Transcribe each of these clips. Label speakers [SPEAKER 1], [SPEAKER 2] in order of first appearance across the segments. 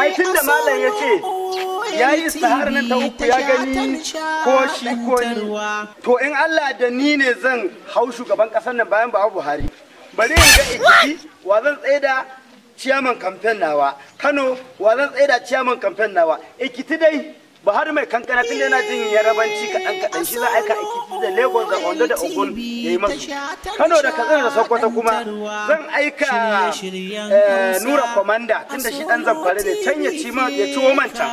[SPEAKER 1] ai tun da malam ya ce ya yi sahar nan ta uku ya gani ko shi ko ni to in Allah da ni ne zan hau shugaban kasar nan bayan babu Buhari bari in ga ikiti wa zan tsaida ciyaman kamfen nawa Kano wa zan tsaida ciyaman kamfen nawa ikiti dai Buhari mai kankana tun yana jin yarabanci kaɗan kaɗan shi za a aika a da Lagos da Ondo da Ogun ya yi masu. Kano da Katsina da Sokoto kuma zan aika eh, Nura tun da shi ɗan zamfare ne can ya ci ma ya ciwo manta.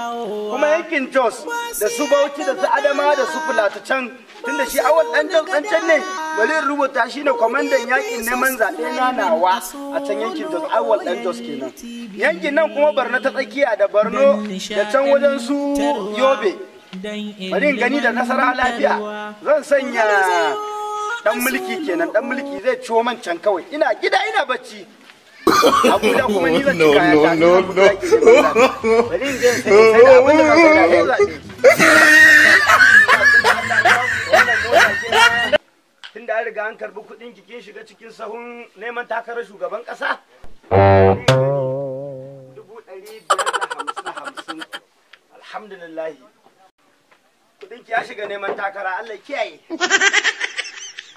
[SPEAKER 1] kuma yankin jos da su bauchi da su adama da su fulatu can tunda shi awal dan jos dan can ne bari in rubuta shi ne kwamandan yakin neman zaɓe na nawa a can yankin jos awal dan jos kenan yankin nan kuma barna ta tsakiya da barno da can wajen su yobe bari in gani da nasara lafiya zan sanya dan mulki kenan dan mulki zai ciwo man can kawai ina gida ina bacci no, kuma no, no, no, no, no, no, no, no, no, da zaɓe tun da an riga an karbi kuɗin kikin shiga cikin sahun neman takarar shugaban kasa dubu ɗari ki ya shiga neman takara allah kiyaye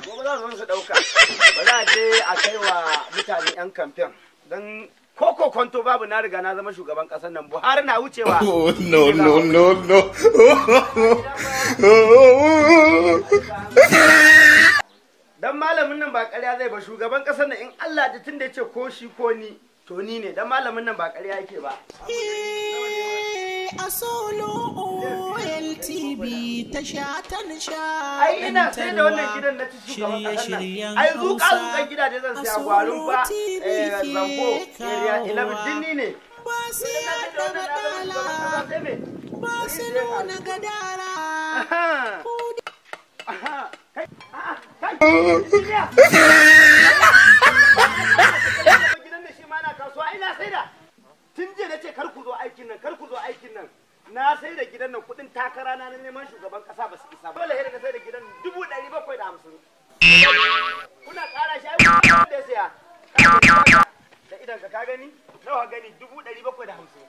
[SPEAKER 1] gobe za su ɗauka ba za a je a kai wa mutane 'yan kamfen don koko kwanto babu na riga na zama shugaban kasar nan buhari na wucewa oh, no no no no dan malamin nan ba ƙarya zai ba shugaban kasar nan in Allah da tunda ce ko shi ko ni to ni ne dan malamin nan ba ƙarya yake ba a solo LTV ta sha ta nishaɗantarwa. ina sai da wannan gidan na ci gaban ƙasar nan. Ai zu ƙasun gida da zan sai gwarin ba Eh zango area 11 dinni ne. Ba su yadda gadala, ba su nuna gadara. Kai, kai, na sai da gidan nan kudin takara na neman shugaban kasa ba su isa ba dole sai sai da gidan dubu ɗari bakwai da hamsin kuna ƙara shi aiki da saya da idan ka gani nawa gani dubu ɗari bakwai da hamsin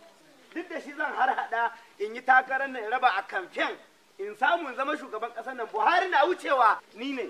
[SPEAKER 1] duk da shi zan har hada in yi takarar nan raba a kamfen in samu zama shugaban ƙasar nan buhari na wucewa ni ne